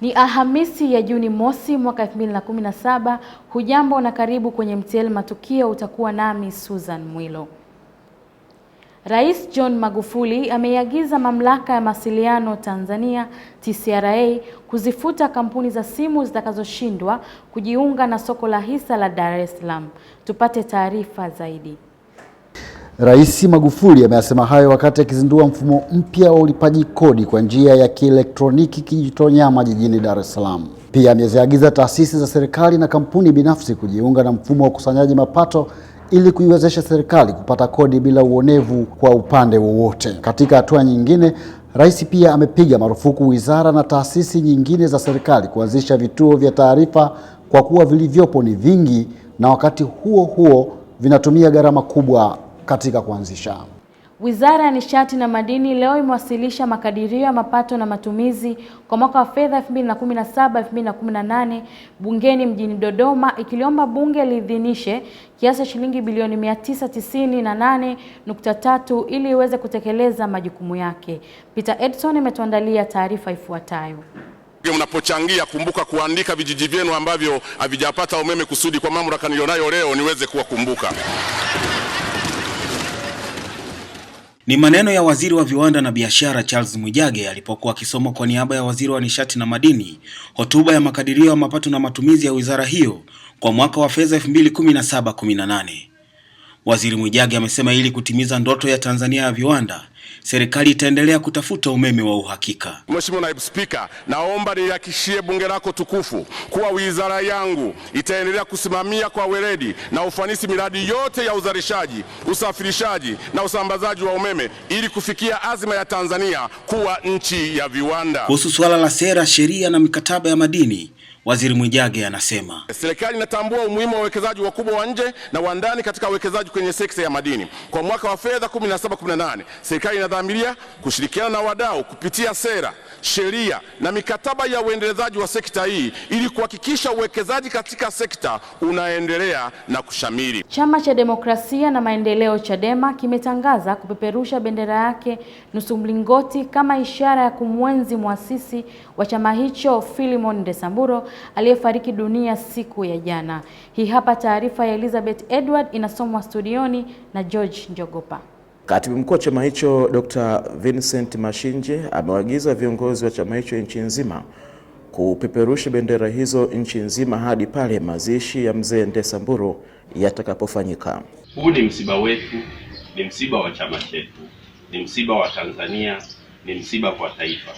Ni Alhamisi ya Juni mosi mwaka 2017. Hujambo na karibu kwenye MTL Matukio, utakuwa nami Susan Mwilo. Rais John Magufuli ameiagiza Mamlaka ya Mawasiliano Tanzania TCRA kuzifuta kampuni za simu zitakazoshindwa kujiunga na soko la hisa la Dar es Salaam. Tupate taarifa zaidi. Rais Magufuli ameyasema hayo wakati akizindua mfumo mpya wa ulipaji kodi kwa njia ya kielektroniki nyama jijini Dar es Salaam. Pia ameziagiza taasisi za serikali na kampuni binafsi kujiunga na mfumo wa ukusanyaji mapato ili kuiwezesha serikali kupata kodi bila uonevu kwa upande wowote. Katika hatua nyingine, Rais pia amepiga marufuku wizara na taasisi nyingine za serikali kuanzisha vituo vya taarifa kwa kuwa vilivyopo ni vingi na wakati huo huo vinatumia gharama kubwa katika kuanzisha. Wizara ya Nishati na Madini leo imewasilisha makadirio ya mapato na matumizi kwa mwaka wa fedha 2017-2018 bungeni mjini Dodoma ikiliomba bunge liidhinishe kiasi cha shilingi bilioni 998.3 ili iweze kutekeleza majukumu yake. Peter Edson ametuandalia taarifa ifuatayo. Mnapochangia kumbuka kuandika vijiji vyenu ambavyo havijapata umeme kusudi kwa mamlaka nilionayo leo niweze kuwakumbuka. Ni maneno ya Waziri wa Viwanda na Biashara Charles Mwijage alipokuwa akisoma kwa niaba ya Waziri wa Nishati na Madini hotuba ya makadirio ya mapato na matumizi ya wizara hiyo kwa mwaka wa fedha 2017/18. Waziri Mwijage amesema ili kutimiza ndoto ya Tanzania ya viwanda serikali itaendelea kutafuta umeme wa uhakika. Mheshimiwa Naibu Spika, naomba nilihakishie bunge lako tukufu kuwa wizara yangu itaendelea kusimamia kwa weledi na ufanisi miradi yote ya uzalishaji, usafirishaji na usambazaji wa umeme ili kufikia azima ya Tanzania kuwa nchi ya viwanda. Kuhusu suala la sera, sheria na mikataba ya madini Waziri Mwijage anasema serikali inatambua umuhimu wa wawekezaji wakubwa wa nje na wa ndani katika uwekezaji kwenye sekta ya madini. Kwa mwaka wa fedha 17/18 serikali inadhamiria kushirikiana na wadau kupitia sera, sheria na mikataba ya uendelezaji wa sekta hii ili kuhakikisha uwekezaji katika sekta unaendelea na kushamiri. Chama cha Demokrasia na Maendeleo Chadema kimetangaza kupeperusha bendera yake nusu mlingoti kama ishara ya kumwenzi mwasisi wa chama hicho Philemon Ndesamburo aliyefariki dunia siku ya jana. Hii hapa taarifa ya Elizabeth Edward inasomwa studioni na George Njogopa. Katibu mkuu wa chama hicho Dr. Vincent Mashinje amewaagiza viongozi wa chama hicho nchi nzima kupeperusha bendera hizo nchi nzima hadi pale mazishi ya mzee ndesamburu yatakapofanyika. Huu ni msiba wetu, ni msiba wa chama chetu, ni msiba wa Tanzania, ni msiba kwa taifa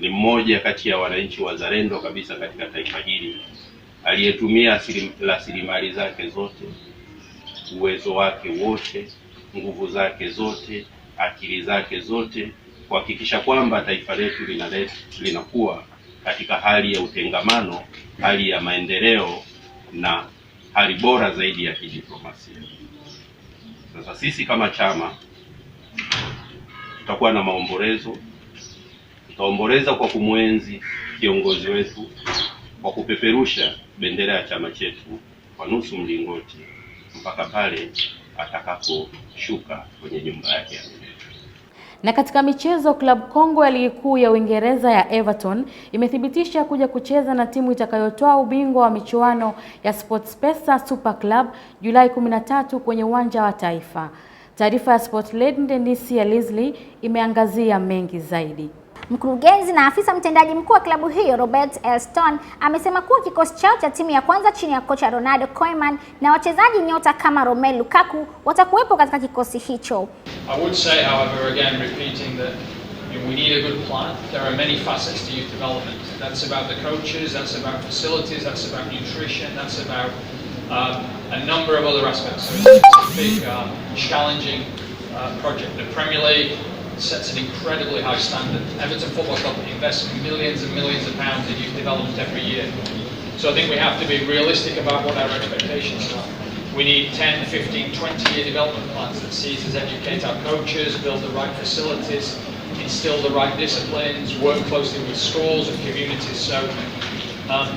ni mmoja kati ya wananchi wazalendo kabisa katika taifa hili aliyetumia rasilimali zake zote, uwezo wake wote, nguvu zake zote, akili zake zote kuhakikisha kwamba taifa letu linakuwa katika hali ya utengamano, hali ya maendeleo na hali bora zaidi ya kidiplomasia. Sasa sisi kama chama tutakuwa na maombolezo Tutaomboleza kwa kumwenzi kiongozi wetu kwa kupeperusha bendera ya chama chetu kwa nusu mlingoti mpaka pale atakaposhuka kwenye nyumba yake ya Na katika michezo, klabu kongwe ya ligi kuu ya Uingereza ya Everton imethibitisha kuja kucheza na timu itakayotoa ubingwa wa michuano ya SportPesa Super Club Julai 13 kwenye uwanja wa Taifa. Taarifa ya Sportland Denisi ya Leslie imeangazia mengi zaidi. Mkurugenzi na afisa mtendaji mkuu wa klabu hiyo Robert Elston amesema kuwa kikosi chao cha timu ya kwanza chini ya kocha Ronaldo Koeman na wachezaji nyota kama Romelu Lukaku watakuwepo katika kikosi hicho. I would say however again repeating that we need a good plan. There are many facets to youth development. That's about the coaches, that's about facilities, that's about nutrition, that's about um, a number of other aspects. So it's a big um, challenging uh, project. The Premier League sets an incredibly high standard. Everton Football Club invests millions and millions of pounds in youth development every year. So I think we have to be realistic about what our expectations are. We need 10, 15, 20 year development plans that sees us educate our coaches, build the right facilities, instill the right disciplines, work closely with schools and communities. So um,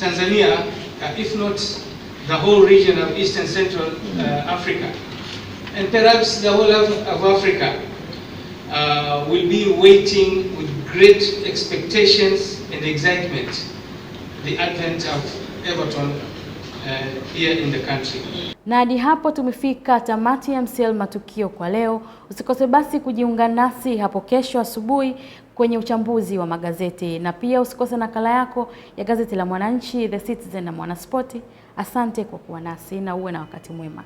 Tanzania, uh, if not the whole region of East and Central uh, Africa, and perhaps the whole of, of Africa, uh, will be waiting with great expectations and excitement the advent of Everton uh, here in the country. Na hadi hapo tumefika tamati ya MCL Matukio kwa leo. Usikose basi kujiunga nasi hapo kesho asubuhi kwenye uchambuzi wa magazeti, na pia usikose nakala yako ya gazeti la Mwananchi, The Citizen na Mwanaspoti. Asante kwa kuwa nasi na uwe na wakati mwema.